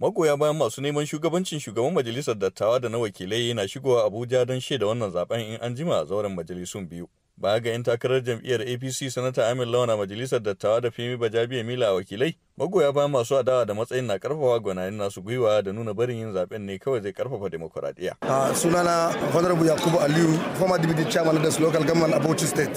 Magoya bayan masu neman shugabancin shugaban majalisar dattawa da na wakilai na shigowa Abuja don shaida wannan zaben in an jima a zauren majalisun biyu. Baya ga 'yan takarar jam'iyyar APC sanata Amin Lawan a majalisar dattawa da Femi Bajabiya Mila a wakilai, magoya bayan masu adawa da matsayin na karfafa gwanayen nasu gwiwa da nuna barin yin zaben ne kawai zai karfafa demokuraɗiyya. A sunana Honorable Yakubu Aliyu, former deputy chairman of local government a Bauchi state.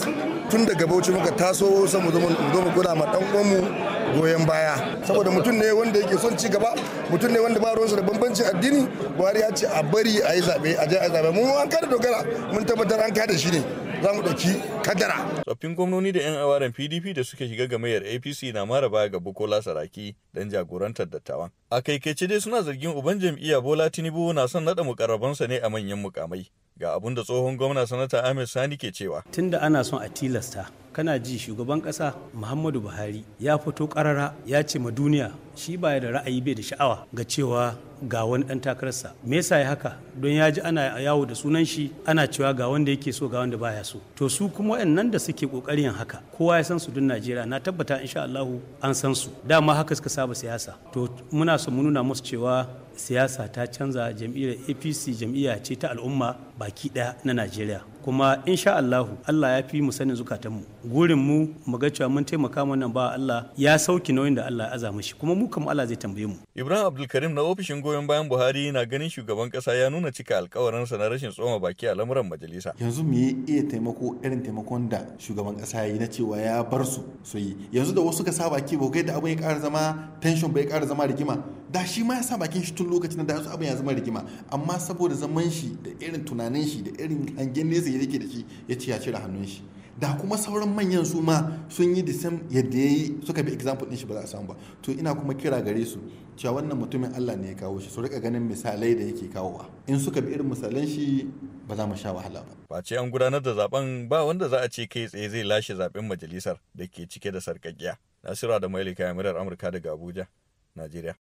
Tun daga Bauchi muka taso sai mu zo mu gona ma ɗan uwanmu goyon baya saboda mutum ne wanda yake son ci gaba mutum ne wanda ba ruwansa da bambancin addini buhari ya ce a bari a yi zaɓe a je a zaɓe mun an kada dogara mun tabbatar an kada shi ne za mu ɗauki kadara. tsoffin gwamnoni da 'yan awaren pdp da suke shiga gamayyar apc na mara baya ga bukola saraki dan jagorantar dattawan a kaikaice dai suna zargin uban jam'iyya bola tinubu na son naɗa mukarrabansa ne a manyan mukamai ga abin da tsohon gwamna sanata ahmed sani ke cewa tun da ana son a tilasta kana ji shugaban kasa muhammadu buhari ya fito karara ya ce ma duniya shi baya da ra'ayi bai da sha'awa ga cewa ga wani dan takararsa me yasa ya haka don ya ji ana yawo da sunan shi ana cewa ga wanda yake so ga wanda baya so to su kuma wayannan da suke kokarin haka kowa ya san su dun Najeriya na tabbata insha Allah an san su dama haka suka saba siyasa to muna so mu nuna musu cewa siyasa ta canza jam'iyyar apc jam'iyya ce ta al'umma baki ɗaya na najeriya kuma insha allahu allah ya fi mu sanin zukatanmu gurin mu mu ga cewa mun taimaka wannan ba allah ya sauki nauyin da allah ya aza kuma mu kam allah zai tambaye mu ibrahim abdulkarim na ofishin goyon bayan buhari na ganin shugaban kasa ya nuna cika sa na rashin tsoma baki a lamuran majalisa yanzu mu yi iya taimako irin taimakon da shugaban kasa ya yi na cewa ya bar su su yanzu da wasu ka sa baki ba kai da abin ya kara zama tension bai kara zama rigima da shi ma ya sa bakin shi tun lokacin da su abin ya zama rigima amma saboda zaman shi da irin tunanin shi da irin hangen nesa ya yake da shi ya ci ya cire hannun shi da kuma sauran manyan su ma sun yi da sam yadda ya yi suka bi example din shi ba za a samu ba to ina kuma kira gare su cewa wannan mutumin Allah ne ya kawo shi su rika ganin misalai da yake kawowa in suka bi irin misalan shi ba za mu sha wahala ba face an gudanar da zaben ba wanda za a ce kai tsaye zai lashe zaben majalisar da ke cike da sarkakkiya nasira da Mailika murar Amurka daga Abuja Najeriya